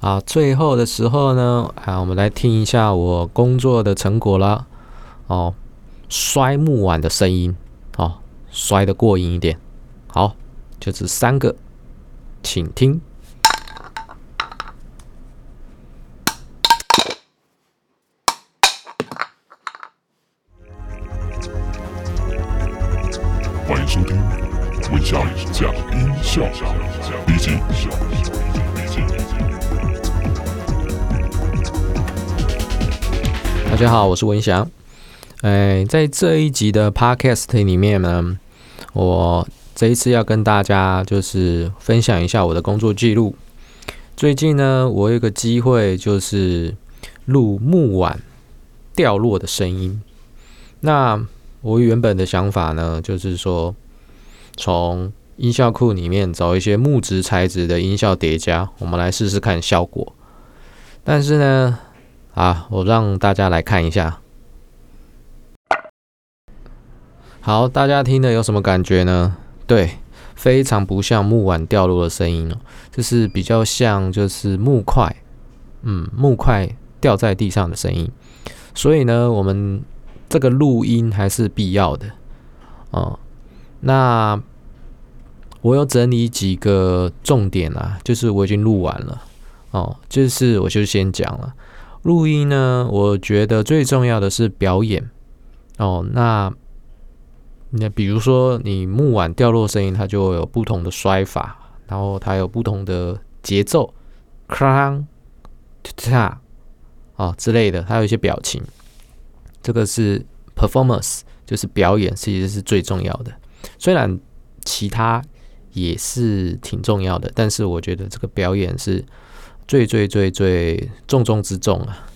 啊，最後的時候呢，啊，我們來聽一下我工作的成果啦。哦、啊，摔木碗的聲音，哦、啊，摔得過癮一點。好，就這三個，請聽。歡迎收聽《最佳音音效大家好，我是文祥。哎，在這一集的 Podcast 裡面呢，我這一次要跟大家就是分享一下我的工作記錄。最近呢，我有個機會就是錄木碗掉落的聲音。那我原本的想法呢，就是說從音效庫裡面找一些木質材質的音效疊加，我們來試試看效果。但是呢，啊，我讓大家來看一下。好，大家聽了有什麼感覺呢？對，非常不像木碗掉落的聲音哦，就是比較像就是木塊，嗯，木塊掉在地上的聲音。所以呢，我們這個錄音還是必要的哦。那我有整理幾個重點啊，就是我已經錄完了哦，就是我就先講了。錄音呢，我覺得最重要的是表演哦。那那比如說你木碗掉落聲音，它就會有不同的摔法，然後它有不同的節奏，哐，嚓啊之類的，它有一些表情。這個是 performance，就是表演，其實是最重要的。雖然其他也是挺重要的，但是我覺得這個表演是最最最最重中之重啊！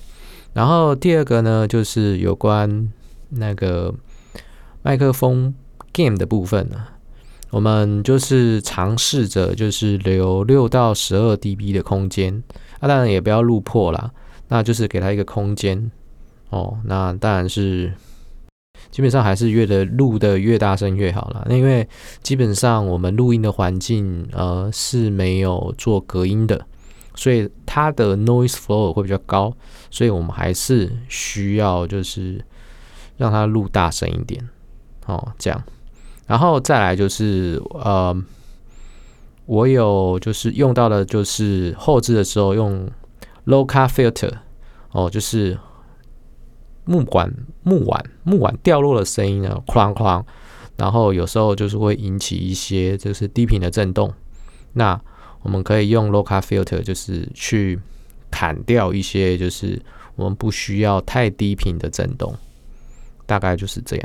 然後第二個呢，就是有關那個麥克風 gain 的部分啊，我們就是嘗試着就是留六到十二 dB 的空間啊，當然也不要錄破啦，那就是給他一個空間哦。那當然是基本上還是越的錄的越大聲越好啦，因為基本上我們錄音的環境呃是沒有做隔音的。所以它的 noise floor 會比較高，所以我們還是需要就是讓它錄大聲一點，哦，這樣。然後再來就是，呃，我有就是用到的，就是後置的時候用 low cut filter，哦，就是木管、木碗、木碗掉落的聲音呢，哐哐，然後有時候就是會引起一些就是低頻的震動，那。我們可以用 low cut filter，就是去砍掉一些，就是我們不需要太低頻的震動，大概就是這樣。